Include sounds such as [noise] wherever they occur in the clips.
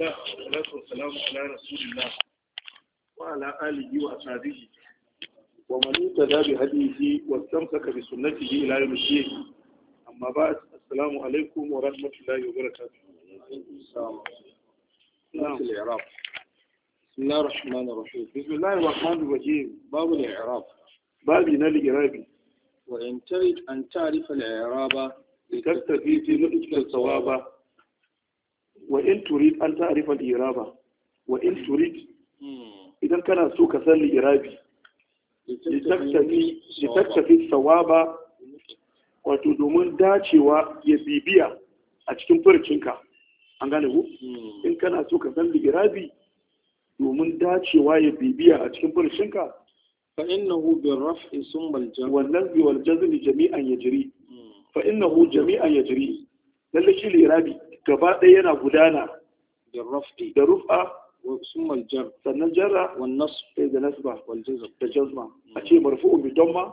الله والصلاة والسلام على رسول الله وعلى آله وأصحابه ومن اهتدى بهديه واستمسك بسنته إلى يوم الدين أما بعد السلام عليكم ورحمة الله وبركاته نعم الإعراب بسم الله الرحمن الرحيم بسم الله الرحمن الرحيم باب الإعراب باب نال الإعراب وإن تريد أن تعرف الإعراب لتستفيد نتج الصواب wa in turid an ta'rifa al-iraba wa in turid idan kana so ka san al-irabi litaktafi sawaba wato domin dacewa ya bibiya a cikin furcinka an gane ku hmm. in kana so ka san al-irabi domin dacewa ya bibiya a cikin furcinka fa innahu bi raf'i summa al-jar wal nazbi wal jazm jami'an yajri hmm. fa innahu jami'an yajri lalle shi al-irabi gaba ɗaya yana gudana da raf'i da rufa sun summal jar sannan jarra wan nasb eh, da nasba wal jazm da jazma a ce marfu'un bi damma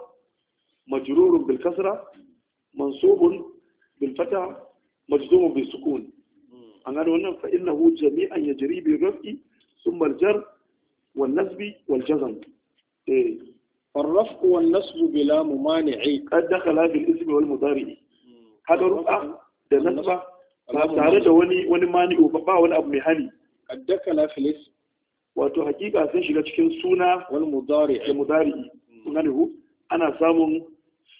majrurun bil kasra mansubun bil fata majzumun bi sukun hmm. an gano wannan fa innahu jami'an yajri bi raf'i summal jar wal nasbi wal jazm eh الرفع والنصب بلا ممانع قد دخل بالاسم والمضارع هذا رفع ده نصب ba tare da wani wani mani ba wani abu mai hani addaka la filis wato hakika sun shiga cikin suna wal mudari'i mudari'i sunan hu ana samun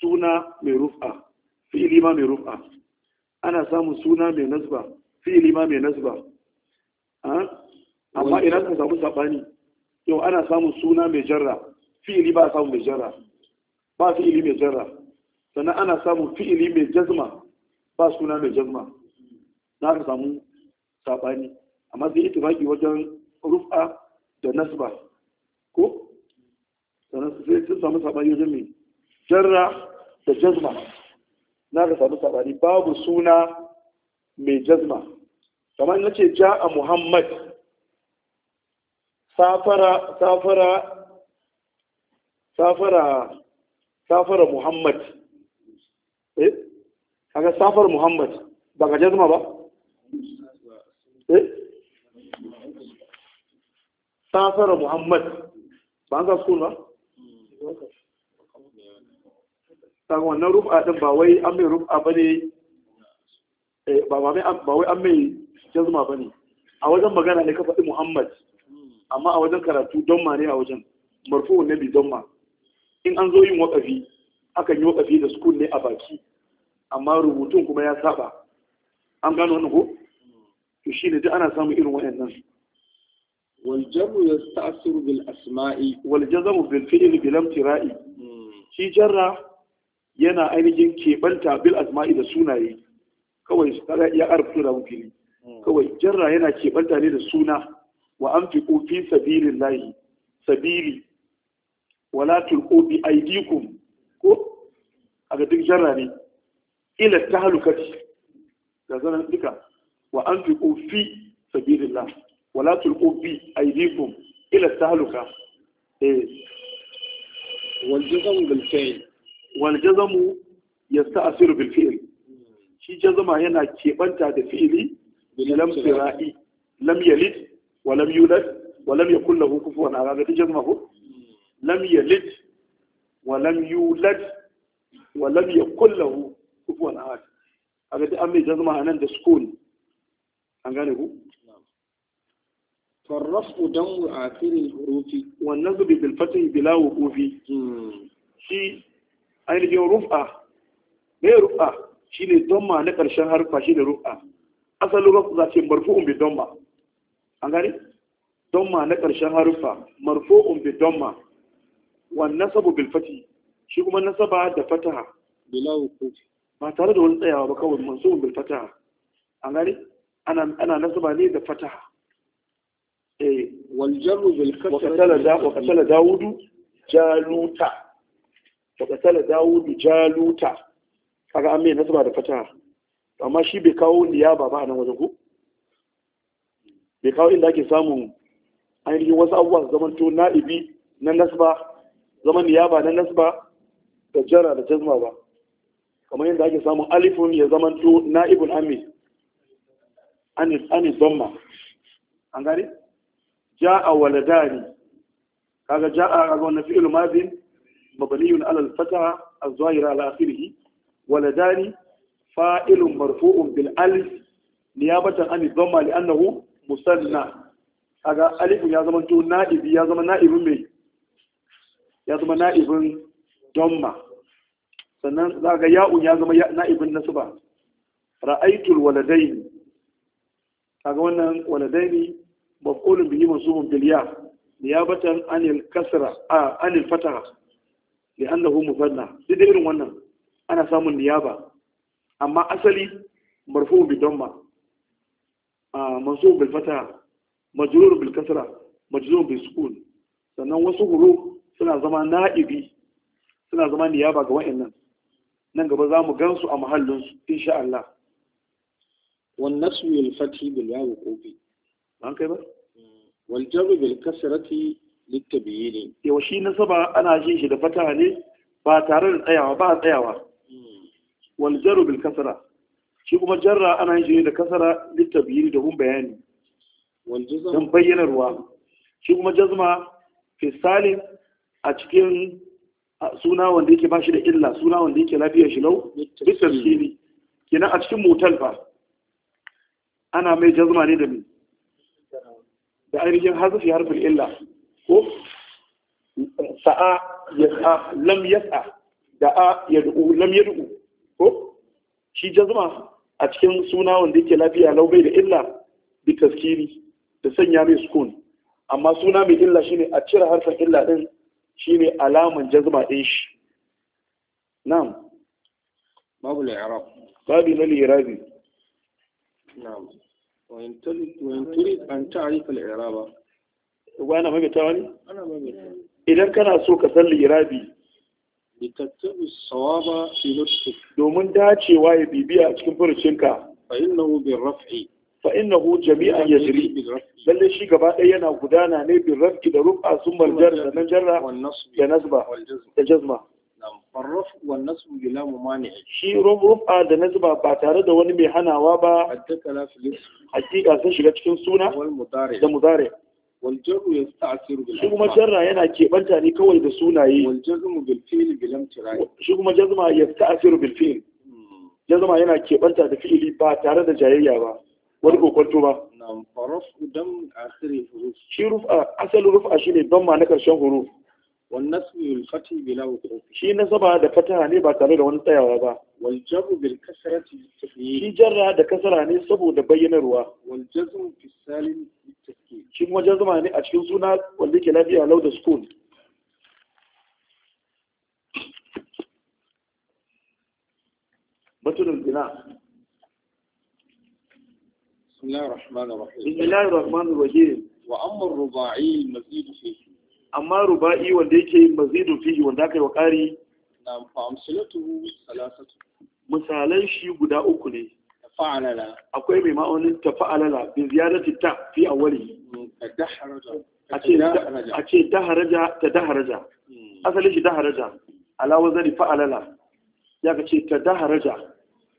suna mai rufa fi'ili ma mai rufa ana samun suna mai nasba fi'ili ma mai nasba amma idan ka samu sabani yau ana samun suna mai jarra fi'ili ba samun mai jarra ba fi'ili mai jarra sannan ana samun fi'ili mai jazma ba suna mai jazma za ka samu saɓani amma zai yi itifaki wajen rufa da nasba ko zai samu saɓani wajen mai jarra da jazma za ka samu saɓani babu suna mai jazma kamar na ce ja a muhammad safara safara safara safara muhammad eh kaga safar muhammad ba ka jazma ba safara eh? muhammad ba an za su ba daga wannan rufa din ba wai an mai rufa ba ne eh, ba wai an mai jazma ba ne a wajen magana ne ka faɗi muhammad amma a wajen karatu don ma ne a wajen marfu na bi don ma in an zo yin waƙafi akan yi waƙafi da sukun ne a baki amma rubutun kuma ya saba an gano wani ko to shi ne ana samun irin waɗannan والجر يستأثر بالأسماء والجزم بالفعل بلا امتراء shi jarra yana ainihin keɓanta bil asma'i da sunaye kawai ya arfi da fili hmm. kawai jarra yana keɓanta ne da suna wa an fi ƙofi sabirin layi sabili wala tulko bi aidikum ko a ga duk jarra ne ila ta halukati ga zanen wa an fi fi sabilillah wala tulqu bi aydikum ila tahluka eh wal jazamu bil fi'l ya sa a bil fi'l shi jazama yana keɓanta da fi'ili lam sira'i lam yalid wa lam yulad wa lam yakul lahu kufuwan ahad da jazama ko lam yalid wa lam yulad wa lam yakul lahu kufuwan ahad kaga duk an mai jazama a nan da sukun an gane ku farrafu a mu'akirin rufi, wannan zubi bil fatih bila wuqufi shi ainihin rufa me rufa don ma na karshen harfa shi da rufa asalin rufa za ce marfu'un bi damma an gane ma na karshen harfa marfu'un bi don ma. Wannan bil bilfati. shi kuma nasaba da fataha bila wuqufi ba tare da wani tsayawa ba kawai masu umbi fataha an gane ana nasaba ne da fataha eh wal jarru bil kasra wa qatala dawudu jaluta wa qatala dawudu jaluta kaga an mai nasaba da fataha amma shi bai kawo niyaba ba nan wajen ku bai kawo inda ake samun ainihin wasu abubuwa su zamanto na'ibi na nasba zaman niyaba na nasba da jara da jazma ba kamar yadda ake samun alifun ya zamanto na'ibun Amin. anis bamma an gane ja'a waladani kaga ja'a kaga wannan fi'il madin mabniyun ala al-fataha az-zahira ala akhirih waladani fa'ilun marfu'un bil alif niyabatan anis bamma li'annahu musanna kaga alifun ya zama to na'ibi ya zama na'ibun mai ya zama na'ibun damma sannan za ga ya'un ya zama na'ibin nasuba ra'aitul waladaini kaga wannan waladaini maf'ulun bihi mansubun bil ya niyabatan anil kasra a anil fataha li'annahu musanna duk irin wannan ana samun niyaba amma asali marfu bi damma mansub bil fataha majrur bil kasra majzum bil sukun sannan wasu huruf suna zama na'ibi suna zama niyaba ga wa'annan nan gaba za mu gansu a mahallin su insha Allah wan nasu bil fathi bil yawu qubi an kai ba wal jabr bil kasrati litabyin yau shi nasaba ana jin shi da fataha ne ba tare da tsayawa ba tsayawa wal jarru bil shi kuma jarra ana yin shi da kasra litabyin da mun bayani wal bayyanarwa shi kuma jazma fi salim a cikin suna wanda yake ba da illa suna wanda yake lafiyar shi lau bisa ne kenan a cikin motal ba ana mai jazma ne da mai da ainihin hazafi harfin illa ko sa'a yas'a lam yas'a a yad'u lam yad'u ko shi jazma a cikin suna wanda yake lafiya laubai da illa bi taskiri da sanya mai sukun amma suna mai illa shine a cire harfin illa din shine alaman jazma din shi na'am babu al-i'rab babu na al na'am idan kana so ka san lirabi littattun sawa domin dacewa ya bibiya cikin furucinka fa'innahu bin jami'an ya jiri lalle shi gaba ɗaya yana gudana ne bin raf'i da rufa sun marjar da nan jarra da nasba فالرفع والنصب بلا ممانع شي shi rufa da نصب ba tare da wani mai hanawa ba addakala حقيقه sun shiga cikin suna da ده مضارع والجر مجرى yana kebanta ne kawai da sunaye والجر jazmu بلا fi'li bil amtirai shi hmm. yana kebanta da fi'ili ba tare da jayayya ba wani kokonto ba na dan akhiri huruf shi rufa asalin rufa shine don ma na karshen huruf والنصب بالفتح بلا وقوف شي نصب da fataha ne ba tare da wani tsayawa ba wal jabr bil kasrati tafhim shi jarra da kasra ne saboda bayyanarwa wal jazm fi salim tafhim shi kuma jazma ne a cikin suna wanda ke lafiya بسم الله الرحمن الرحيم بسم الله الرحمن الرحيم وأما الرباعي المزيد فيه amma ruba'i wanda yake mazidun fihi wanda aka yi wa ƙari na fa'amsulatu salasatu misalan shi guda uku ne tafa'alala akwai mai ma'aunin fa'alala. bi ziyadati ta fi awwali a ce daharaja ta daharaja hmm. asalin shi daharaja ala wazani fa'alala ya ka ce ta daharaja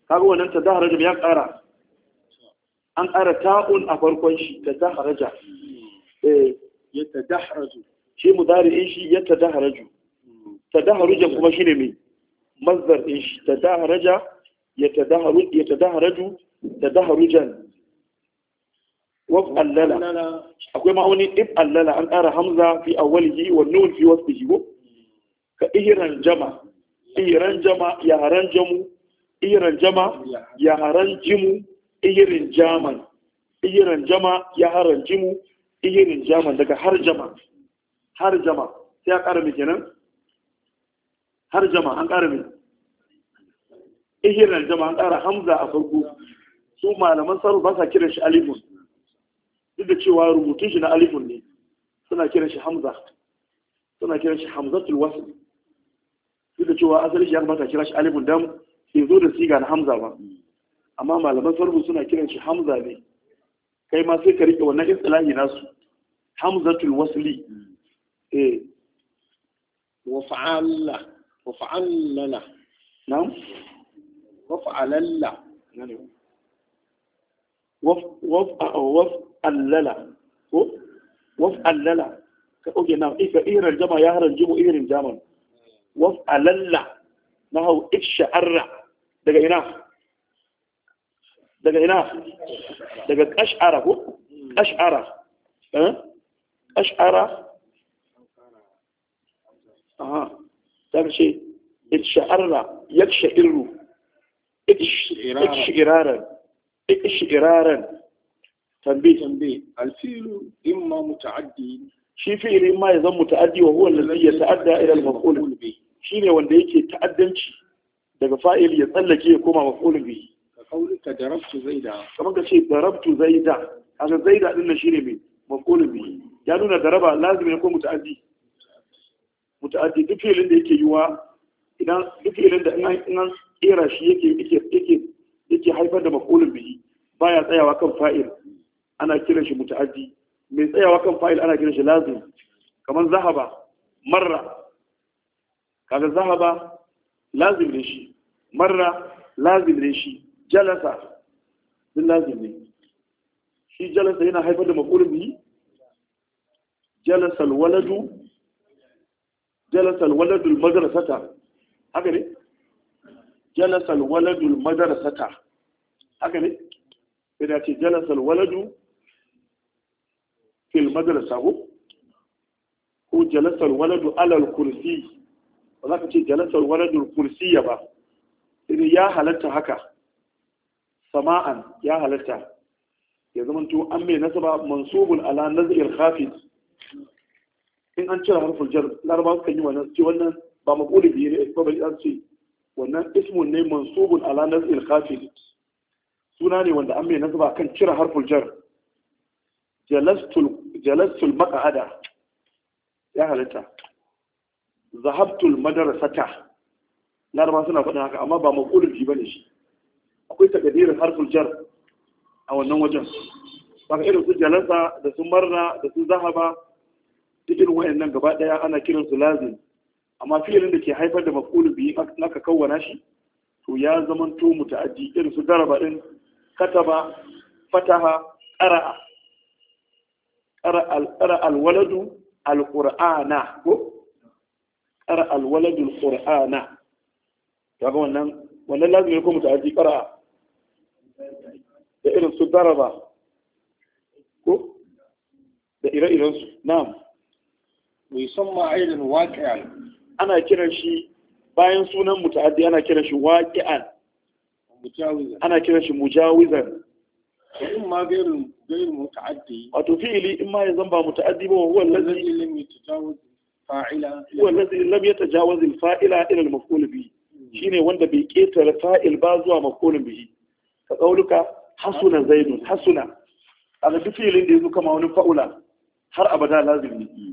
kaga wannan ta daharaja ya ƙara an ƙara ta'un a farkon shi ta daharaja hmm. eh ya ta daharaju shi mudari'in shi ya tadaharaju tadaharuja kuma shine mai mazdar in shi tadaharaja ya tadaharu ya tadaharaju tadaharujan wa allala akwai ma'auni if allala an ƙara hamza fi awwalihi wa nun fi wasfihi ko ka ihran jama ihran jama ya haran jamu ihran jama ya haran jimu ihrin jaman ihran jama ya haran jimu ihrin jaman daga har jama' har jama sai a ƙara mai kenan har jama an ƙara mai ihirar jama an ƙara hamza a farko su malaman sarrafa ba sa kiran shi alifun duk da cewa rubutun shi na alifun ne suna kiran shi hamza suna kiran shi Hamza wasu duk da cewa asali shi ya kamata kiran shi alifun dan sai zo da siga na hamza ba amma malaman sarrafa suna kiran shi hamza ne kai ma sai ka riƙe wannan istilahi nasu hamzatul wasli إيه وفعل وفعل له نعم وفعل له يعني وف وف وف اللا وف اللا كأوكي نعم إيه كإير إيه، الجمع يهر الجمع إير الجمع وف اللا نهو إيش أرع دقينا دقينا دقت أشعره إيه؟ أشعره أشعره za ka ce it yaksha'irru ikshiraran ikshiraran tambi tambi alfilu imma muta'addi shi fi'ili ma ya zan muta'addi wa huwa allazi yata'adda ila al-maf'ul bihi shine wanda yake ta'addanci daga fa'il ya tsallake ya koma maf'ul bihi ka kaulika darabtu zaida kamar ka ce darabtu zaida kaga zaida din nan shine mai maf'ul bihi ya nuna daraba lazimi ne ko muta'addi muta'addi duk filin da yake yiwa idan duk filin da in an kera shi yake yake yake haifar da maf'ulun bihi baya tsayawa kan fa'il ana kiran shi muta'addi mai tsayawa kan fa'il ana kiran shi lazim kamar zahaba marra kaga zahaba lazim ne shi marra lazim ne shi jalasa din lazim ne shi jalasa yana haifar da maf'ulun bihi jalasa alwaladu jalasal waladul madrasata haka ne jalasal waladul madrasata haka ne sai ce jalasal waladu fil madrasa ko ko jalasal waladu alal kursi ba za ka ce jalasal waladul kursiya ba sai ya halatta haka sama'an ya halatta ya zamanto an mai nasaba mansubun ala in an cire harfin jar laraba suka yi wannan ce wannan ba maqulu bihi ne ba bai an ce wannan ismun ne mansubun ala nazil khafid suna ne wanda an mai nazaba kan cire harfin jar jalastul jalastul maq'ada ya halitta zahabtul madrasata laraba suna faɗin haka amma ba maqulu bihi bane shi akwai takadirin harfin jar a wannan wajen ba irin su jalasa da su marna da su zahaba duk irin nan gaba daya ana kiran su lazim amma fi'ilin da ke haifar da maf'ulun bihi aka kawwana shi to ya to muta'addi irin su daraba din kataba fataha qara'a qara'a al qurana ko qara'a alwaladu alqur'ana kaga wannan wannan lazim ne ko muta'addi qara'a da irin su daraba ko da ire-irensu na'am musamman ainihin waƙi'an ana kiran shi bayan sunan mutu'addi ana kiran shi waƙi'an ana kiran shi mujawizan in ma gairin gairin muta'addi wato fi'ili in ma ya zamba muta'addi ba huwa allazi lam yatajawaz fa'ila ila al maf'ul bi hmm. wanda bai ƙetare fa'il ba zuwa maf'ul bi ka hasuna hasuna fi'ilin da yazo kama fa'ula har abada lazim ne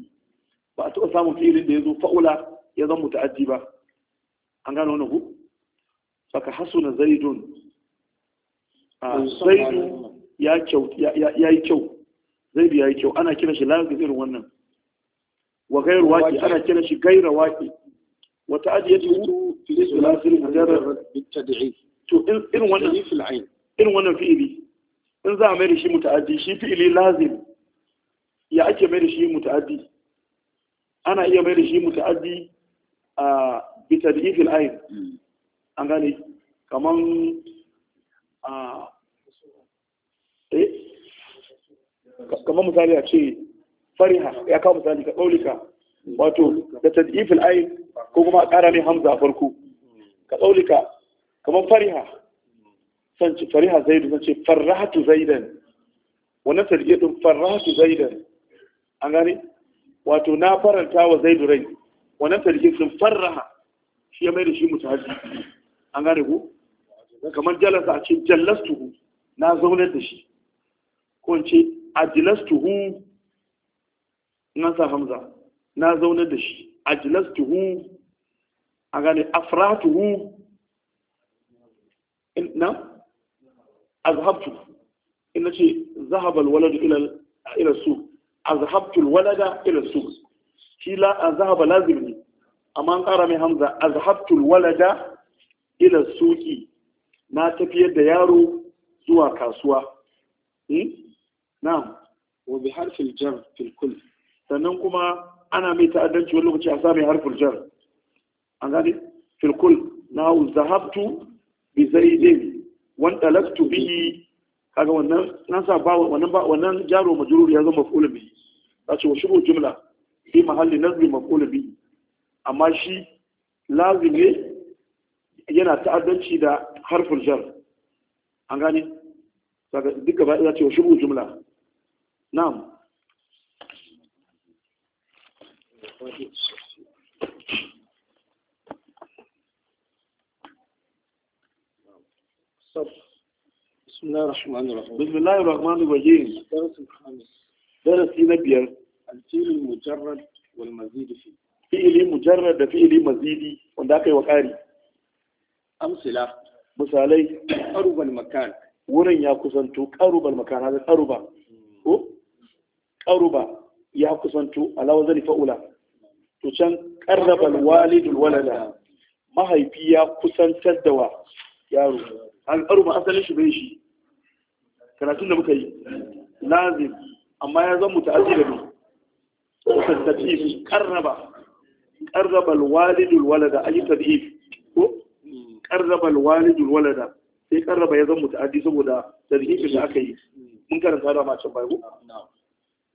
ba a taɓa samun filin da ya zo fa'ula ya zan muta'addi ba an gano wani ku saka hasuna zaidun zaidu ya yi kyau zaidu ya yi kyau ana kira shi lagos irin wannan wa gairu waki ana kira shi gaira waki wata aji ya tuhu filisu lasirin hajjarar to irin wannan irin wannan fi'ili in za a mai da shi muta'addi shi fi'ili lazim ya ake mai da shi muta'addi ana iya mai da shi muta'addi a ifil ayin hmm. an gane kaman a eh kaman misali a ce fariha ya kawo misali ka tsaulika hmm. wato da ifil ayin ko kuma a ƙara ne hamza a farko hmm. ka tsaulika kaman fariha san ce fariha zaidu san ce farrahatu zaidan wannan tadifin farrahatu zaidan an gane wato na faranta wa zaidu rai wannan tarihi sun farraha shi ya mai da shi mutahaji an gane ku kamar jalasa a ce jallastuhu na zaunar da shi ko in ce ajilastuhu na sa hamza na zaunar da shi ajilastuhu a gane afratuhu na azhabtu ina ce zahabal waladu ila su azhabtul walada ila suq shi la azhaba lazim ne amma an ƙara mai hamza azhabtul walada ila suqi na tafiyar da yaro zuwa kasuwa hmm? na'am wa bi harfil jar fil kull sannan kuma ana mai ta'addanci wani lokaci a sami harfin jar an gani fil kull na'u zahabtu bi zaidin wan talaftu bihi kaga wannan nan sa ba wannan ba wannan jaro majrur ya zama maf'ul bihi ta ce wa shigo jumla fi mahalli nazmi maqulu bi amma shi lazim yana ta'addanci da harful jar an gane daga duka ba ya ce wa shigo jumla na'am بسم الله الرحمن الرحيم بسم الله الرحمن الرحيم الخامس darasi na biyar alfilin mujarrad da fi'ili mazidi wanda aka yi wa ƙari amsila misalai qarubal makan wurin ya kusanto qarubal makan hada qaruba ko qaruba ya kusanto ala wazani fa'ula to can qarrabal walidul walada mahaifi ya kusantar da wa yaro al qaruba asalin shi bai shi karatun da muka yi lazim amma ya zama muta'azzilun tattatif karraba karrabal walidul walada yi tarihi ko karrabal walidul walada sai karraba ya zama muta'addi saboda tarihi da aka yi mun karanta da macen bai ko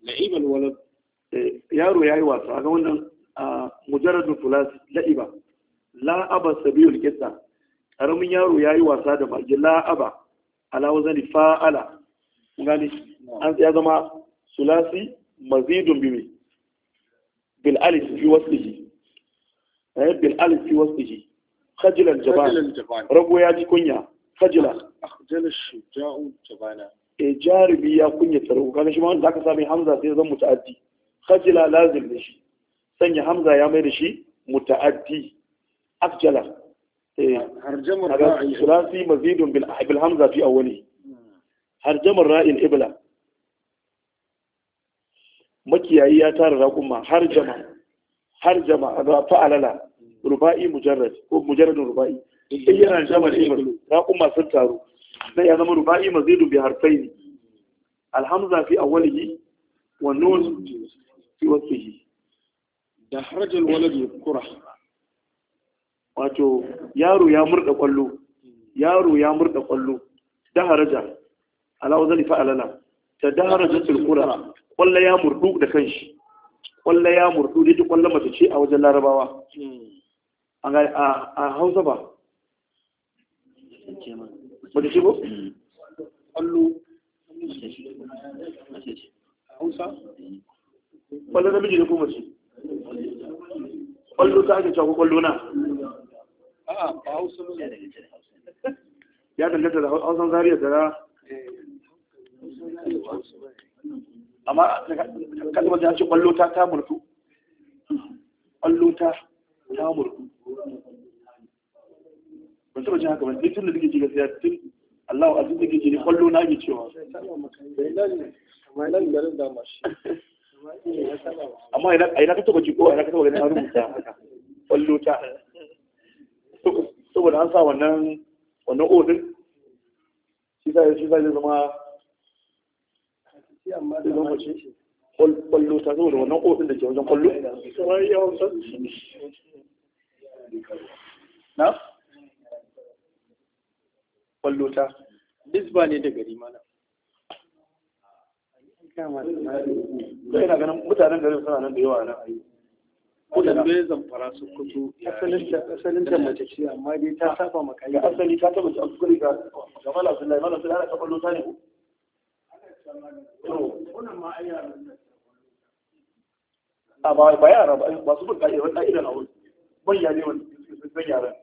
la'ibal walad eh, yaro yayi wasa ga wannan mujarradul fulas la'iba la'aba sabiyul qissa karamin yaro ya yi wasa da magi la'aba ala wazani fa'ala gani an ya zama sulasi mazidun bibi bil alif fi waslihi eh bil alif fi waslihi khajila jabal rago ya ji kunya khajila akhjala jaribi ya kunya taro kaga shi ma wanda aka sami hamza sai zan muta'addi khajila lazim da shi sanya hamza ya mai da shi muta'addi afjala harjamar ra'i sulasi mazidun ibla Yayi ya tara raƙuma har jama har jama fa fa'alala ruba'i mujarrad ko mujarradin ruba'i in yana jamal ibn raƙuma sun taru sai ya zama ruba'i mazidu bi harfaini alhamza fi awwalihi wa nun fi wasfihi da harajal walad kura wato yaro ya murda kwallo yaro ya murda kwallo da haraja ala wazali fa'alala ta da harajatul kura kwallo ya murdu da kanshi kwallo ya murdu da kwallo mace ce a wajen larabawa hmm. a hausa ba mace ce ba? Hmm. kwallo hausa kwallo namiji ne ko mace kwallo ta ake cewa kwallo na a hausa ya danganta da hausan zariya da amma kalmar da ce kwallo ta ta murku kwallo ta ta murku ban taɓa haka ba tun da suke ci gaskiya tun Allahu aziz da ke ne kwallo na ke cewa amma a yi na taɓa ji ko a yi na taɓa ganin an rubuta haka kwallo ta saboda an sa wannan wannan odin shi sa shi zama sai zama kwallo ta saboda wannan kofin da ke wajen kwallo na kwallo ta bisba ne da gari mana kai ganin mutanen garin suna nan da yawa nan kudin bai zamfara su kudu asalin mace ce amma dai ta saba makayi asali ta taba ta kuri ga ga lai lai ta kwallo ta ne a ba ba yara ba ba su bin ka'idar ka'idar a wani manya ne wani sun yaran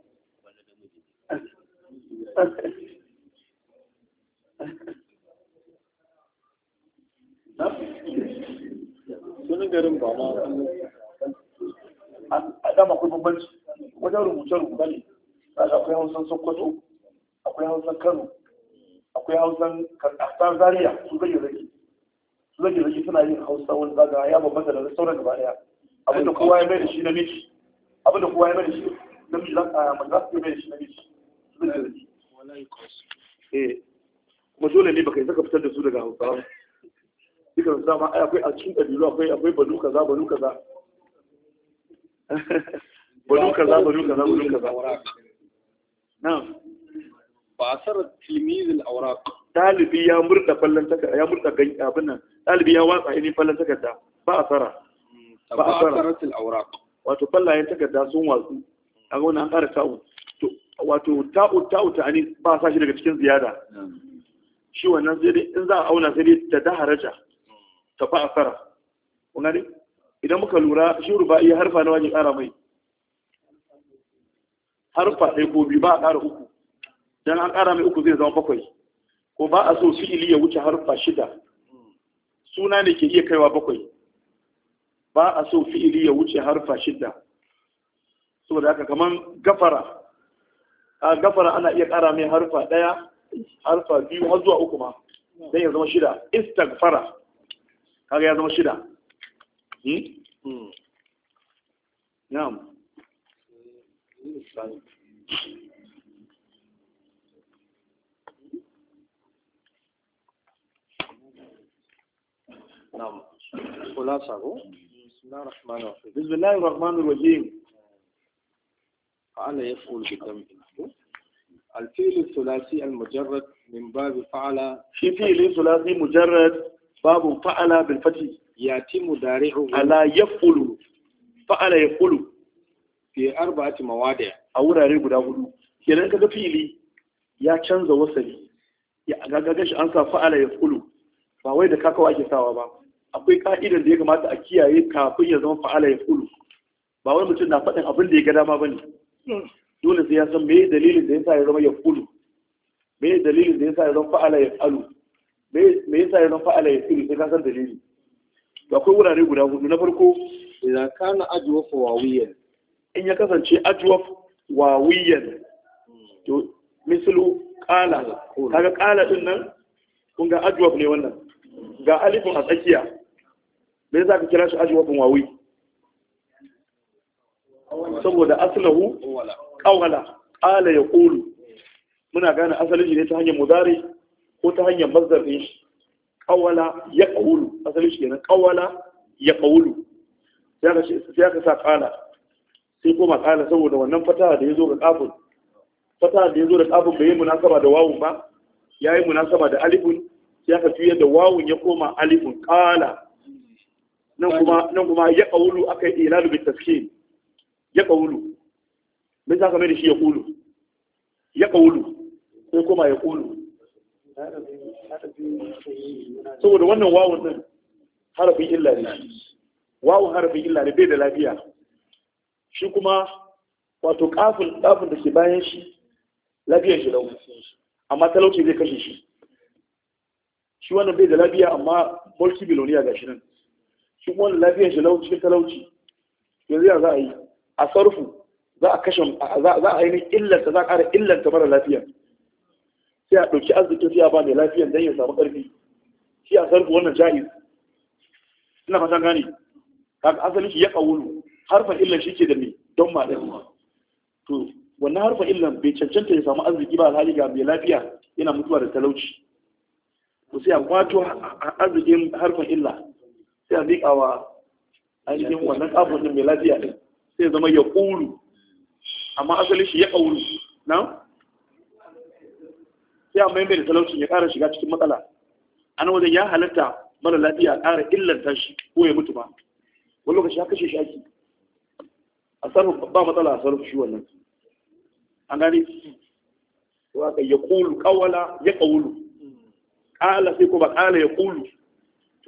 sunan garin ba ma a dama akwai bambanci wajen rubuce-rubuce ne akwai hausan sokoto akwai hausan kano akwai hausan kasar su zai zage zage suna yin hausa wani zaga ya bambanta da sauran gaba daya abinda kowa ya mai da shi na namiji abinda kowa ya mai da shi na namiji zan kaya manza su mai da shi namiji zage zage eh kuma dole ne baka yi saka fitar da su daga hausa ba duka da sama ai akwai a cikin kabilu akwai akwai banu kaza banu kaza [laughs] banu kaza banu kaza banu kaza na'am ba asar tilmiz al-awraq ɗalibi ya murda fallon takarda ya murda abin nan ɗalibi ya watsa ainihin fallon takarda ba a tsara hmm, ba a tsara wato fallayen takarda sun watsu a wani an ƙara ta'u wato ta'u ta'u ta ani ba a sashi daga cikin ziyada hmm. shi wannan sai dai in za a auna sai dai da haraja ta fa a tsara kun idan muka lura shi rubai iya harfa na wani ƙara mai harfa ɗaya ko biyu ba a ƙara uku dan an ƙara mai uku zai zama bakwai ko ba a so fi'ili ya wuce harfa shida suna ne ke iya kaiwa bakwai ba a so fi'ili ya wuce harfa shida saboda haka kaman gafara a gafara ana iya ƙara mai harfa ɗaya harfa biyu har zuwa uku ma dan ya zama shida istagfara kaga ya zama shida hmm? Hmm. na'am نعم خلاصة بسم الله الرحمن الرحيم بسم الله الرحمن الرحيم فعل يفعل بدم الفعل الثلاثي المجرد من باب فعل في فعل ثلاثي مجرد باب فعل بالفتح يأتي مدارعه على يفعل فعل يفعل في أربعة مواضع أو رارب داود kenan كذا fili ya canza wasali ya gaga shi an sa fa'ala ya fulu ba wai da kakawa ake sawa ba akwai ka'idar da ya kamata a kiyaye kafin ya zama fa'ala ya fulu ba wani mutum na faɗin abin da ya ga dama ba ne dole sai ya san me dalilin da ya sa ya zama ya fulu me dalilin da ya sa ya zama fa'ala ya falu me ya sa ya zama fa'ala ya fulu sai ka san dalili akwai wurare guda hudu na farko idan kana ajwaf wawiyan in ya kasance ajwaf wawiyan to misalu kala kaga kala din nan kun ga ajwaf ne wannan ga alifin a tsakiya me za ka kira shi wafin wawi saboda kawala qawala ya kulu muna gane asalin shi ne ta hanyar mudari ko ta hanyar mazdar shi kawala ya yaqulu asalin shi kenan kawala ya sai ka sai ka sa kala sai koma kala saboda wannan fataha da ya zo ga kafin fataha da ya zo da kafin bai yi munasaba da wawun ba ya yi munasaba da alifun sai ka fiye da wawun ya koma alifun kala nan kuma ya kuma aka yi akai ilalu bi taskin ya qawlu me za ka mai da shi ya ƙulu ya qawlu ko kuma ya ƙulu saboda wannan wawon nan harafin illa ne harafin illa ne bai da lafiya shi kuma wato kafin kafin da ke bayan shi lafiyar shi lau amma talauci zai kashe shi shi wannan bai da lafiya amma mulki biloniya ga shi nan shi kuma wanda lafiyar shi lauci cikin talauci yanzu ya za a yi a sarfu za a kashe za a yi illanta za a ƙara illanta mara lafiya sai a ɗauki arzikin sai a ba mai lafiyar don ya samu ƙarfi shi a sarfu wannan ja'iz ina fatan gane kaga asalin shi ya ƙawulu harfan illan shi ke da me don ma ɗin to wannan harfan illan bai cancanta ya samu arziki ba alhali ga mai lafiya yana mutuwa da talauci to sai a kwato arzikin harfan illan. sai a miƙa yi ainihin wannan ƙafin ɗin mai lafiya din sai zama ya ƙuru amma asali shi ya ƙauru na sai a maimai da talaucin ya ƙara shiga cikin matsala Ana wajen ya halatta mara lafiya ƙara illanta shi ko ya mutu ba wani lokaci ya kashe shi ake a sarfa ba matsala a sarfa shi wannan an gane ya ƙulu ƙawala ya ƙaulu ƙala sai ko ba ƙala ya ƙulu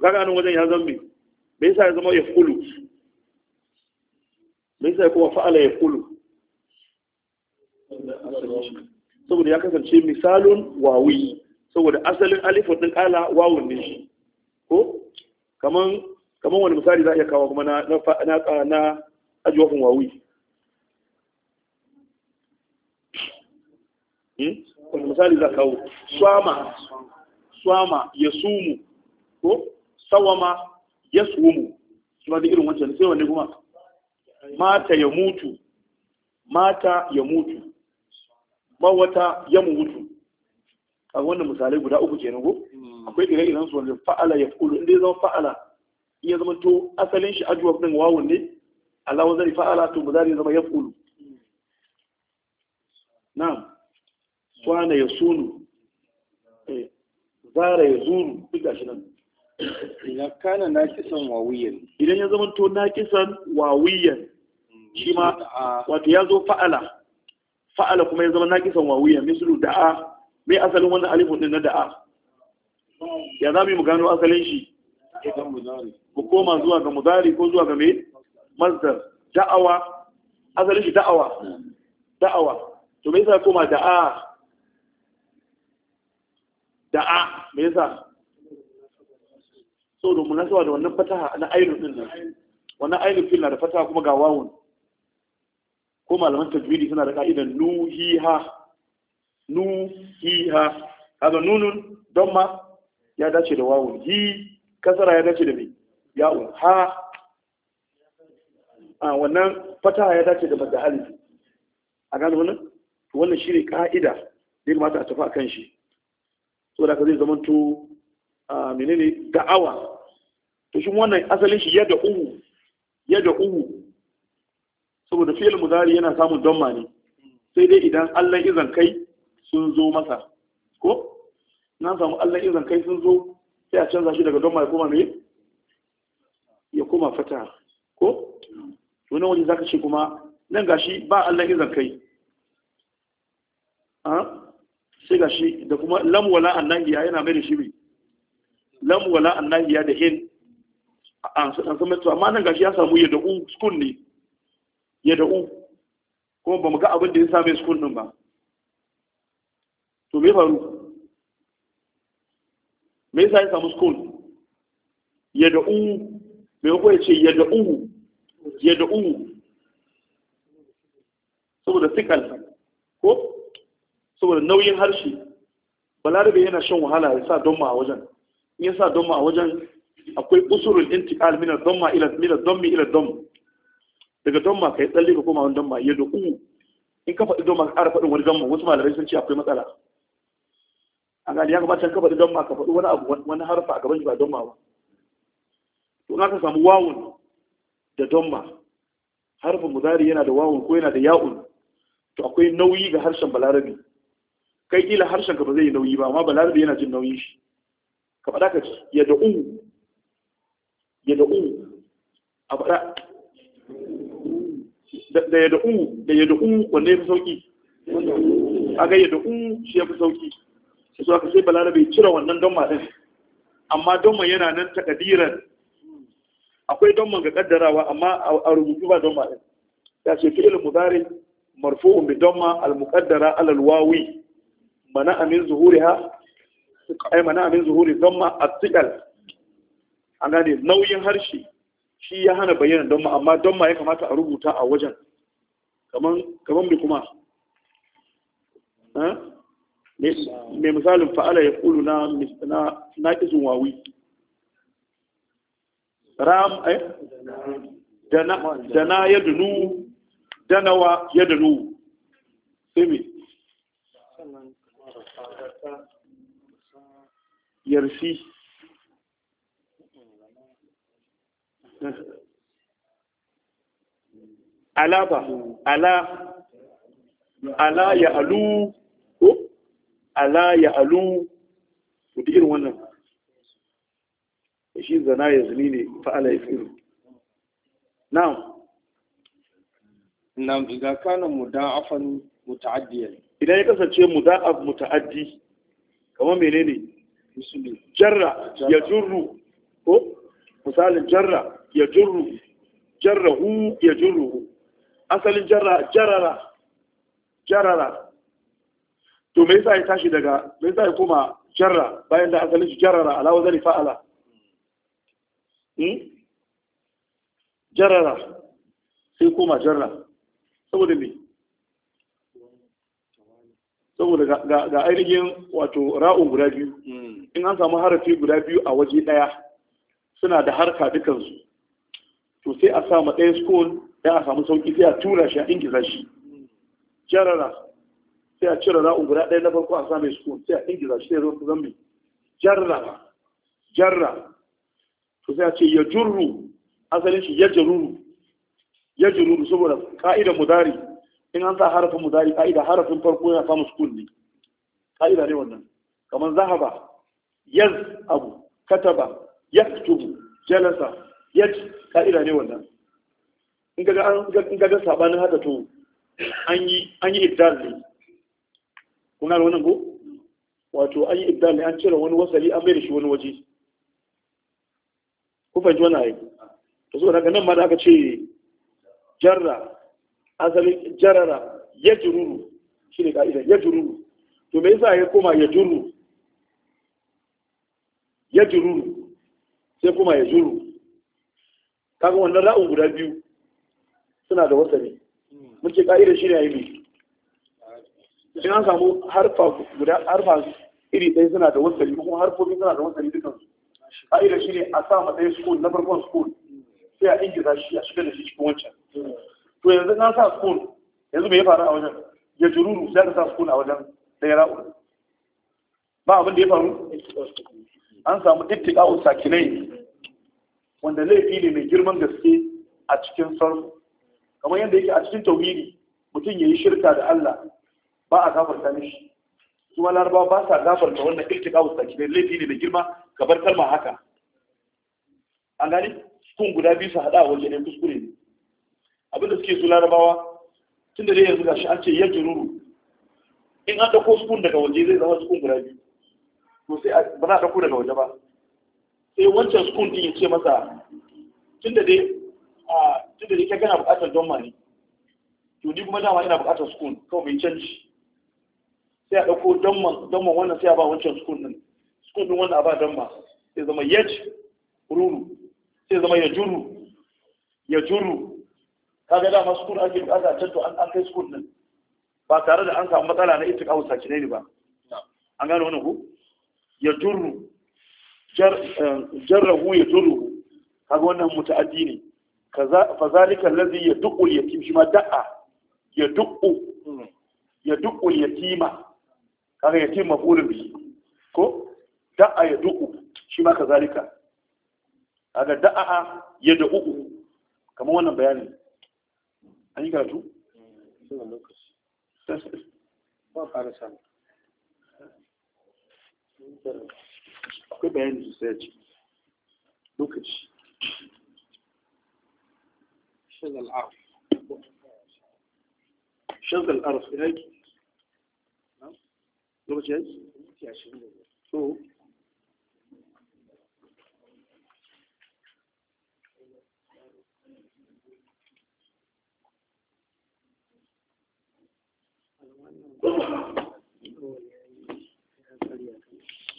to kaga anan wajen ya zambi me yasa ya zama ya kulu? me yasa ya kuma fa'ala kulu? saboda ya kasance misalun wawi saboda asalin alifun din kala wawun ne shi ko kaman kaman wani misali za a iya kawo kuma na na na ajwafin wawi hmm? wani misali za kawo swama swama ya sumu ko sawama ya sumu shi ma da irin wancan sai wanne kuma mata ya mutu mata ya mutu mawata ya mutu a wannan misalai guda uku kenan ko hmm. akwai ire-iren su wanda fa'ala ya fulu inda ya zama fa'ala ya zama to asalin shi ajuwa din wawun ne alawa zari fa'ala to ba zari zama ya fulu na'am kwana ya sunu eh, zara ya zuru duk gashi nan idan kana kisan wawiyan idan ya zama to na kisan wawiyan shi ma wato ya zo fa'ala fa'ala kuma ya zama na kisan wawiyan misalu da'a mai asalin wannan alifun din na da'a ya za mu gano asalin shi mu koma zuwa ga mudari ko zuwa ga mai mazdar da'awa asalin shi da'awa da'awa to me sa koma da'a da'a me sa. so na munasaba da wannan fataha na ainihin din nan wannan ainihin fil na da fataha kuma ga wawun ko malaman tajwidi suna da ka'idan nuhiha nuhiha kaga nunun don ma ya dace da wawun hi kasara ya dace da mai ya ha a wannan fataha ya dace da madda alifi a gano wannan wannan shi ne ka'ida da ya kamata a tafi a kan shi so da ka zai zama to menene da'awa to shi wannan asalin shi yadda uhu yadda uhu saboda fi'il mudari yana samun damma ne sai dai idan Allah izan kai sun zo masa ko na samu Allah izan kai sun zo sai a canza shi daga don ya koma me ya koma fata ko wani zaka ce kuma nan gashi ba Allah izan kai ah? sai gashi da kuma lam wala annahi yana mai da shi lam wala annahiya da hin an san mutu amma nan gashi ya samu ya da'u sukun ne ya da'u Ko ba mu ga abin da ya same sukun din ba to me faru me yasa ya samu sukun ya da'u me ko ya ce ya da'u ya da'u saboda sikal ko saboda nauyin harshe balarabe yana shan wahala ya sa don ma a wajen ya sa a wajen akwai usurin intiqal min ad ila min ad ila ad daga damma kai tsalle ka koma wani damma ya du'u in ka faɗi damma ka ƙara faɗin wani damma wasu malamai sun ce akwai matsala a gani ya kamata ka faɗi damma ka faɗi wani abu wani harfa a gaban shi ba damma ba to na ka samu wawun da damma harfin muzari yana da wawun ko yana da ya'un to akwai nauyi ga harshen balarabi kai kila harshen ka ba zai yi nauyi ba amma balarabi yana jin nauyin shi ka faɗa ka ci ya da'u ya a faɗa da yadda da'u da yadda da'u wanda ya fi sauƙi kaga yadda da'u shi ya fi sauƙi sai su aka sai balarabe cire wannan don maɗin amma don ma yana nan takadiran akwai don man ga kaddarawa amma a rubutu ba don maɗin ya ce fi'il mudari marfu'un bi don ma al-muqaddara alal wawi mana amin ha. ai mana min zuhuri zamma atiqal an gane nauyin harshe shi ya hana bayyana don ma amma don ma ya kamata a rubuta a wajen kaman kaman bi kuma mai misalin fa'ala ya kulu na na izin wawi ram ai dana dana yadnu danawa yadnu sai yarfi ala ba ala ala ya alu ko ala ya alu to irin wannan shi zana ya zini ne fa'ala ya firu na'am nan idan kana muda'afan muta'addiyan idan ya kasance muda'af muta'addi kamar menene jarra ya jurru ko misalin jarra ya jurru jarrahu ya jurruhu asalin jarra jarara jarara to me yasa ya tashi daga me yasa ya koma jarra bayan da asalin shi jarara ala wazani fa'ala hmm? jarara sai koma jarra saboda me saboda ga ainihin wato ra'un guda biyu hmm. in an samu harafi guda biyu a waje daya suna da harka dukansu to sai a samu ɗaya school ya a samu sauƙi sai a tura shi a ingiza shi jarara sai a cire ra'un guda ɗaya na farko a samu school sai a ingiza shi sai zo zambi jarra jarra to sai a ce ya jurru asalin shi ya jaruru ya jaruru saboda ka'idan mudari in an sa harafin mudari ka'ida harafin farko yana samun sukun ne ka'ida ne wannan kamar zahaba yaz abu kataba tubu jalasa yaj ka'ida ne wannan in gaga ga sabanin haka to an yi an yi ne kuna da wannan ko wato an yi ibdal ne an cire wani wasali an da shi wani waje ku fahimci wani ayi to saboda haka nan ma da aka ce jarra asalin jarara ya jururu shi ne ka'idar ya jururu to me yasa ya koma ya jururu ya jururu sai kuma ya jururu kaga wannan ra'un guda biyu suna da ne muke ka'idar shi ne a yi shi an samu harfa guda harfa iri ɗaya suna da ne kuma harfofi suna da wasani dukansu ka'idar shi ne a sa matsayin school na farkon school sai a ingiza shi a shiga da shi cikin wancan to yanzu na sa school yanzu bai faru a wajen ya jururu sai ka sa school a wajen ɗaya ra'u ba abin da ya faru an samu ittiqa'u sakinai wanda laifi ne mai girman gaske a cikin sarfu kamar yadda yake a cikin tauhidi mutum ya yi shirka da Allah ba a gafarta mishi kuma larabawa ba sa gafarta wannan ittiqa'u sakinai laifi ne mai girma ka bar kalma haka an gani sukun guda biyu su haɗa wajen kuskure ne abinda suke su larabawa tun da dai yanzu gashi an ce yajin ruru in an ɗauko sukun daga waje zai zama sukun guda biyu to sai ba za a ɗauko daga waje ba sai wancan sukun din ya ce masa tun da dai a tun da kai kana buƙatar don mani to ni kuma dama ina buƙatar sukun kawai bai canji sai a ɗauko don man wannan sai a ba wancan sukun din sukun din wannan a ba don sai zama yaj ruru sai zama ya juru ya juru kaga dama school ake bukata canto an kai school din ba tare da an samu matsala na ita kawo sakinai ne ba an gano wani ku ya turu eh, jarrahu ya turu kaga wannan muta'addi ne fa zalika allazi yad'u yatim shi ma da'a ya Ya duqu yad'u yatima kaga yatim mafulun bi. ko da'a ya duqu shi ma kazalika kaga da'a ya duqu kamar wannan bayani an yi karatu? akwai bayani sosai a ciki lokaci shagal arf shagal arf ya yi lokaci ya yi? so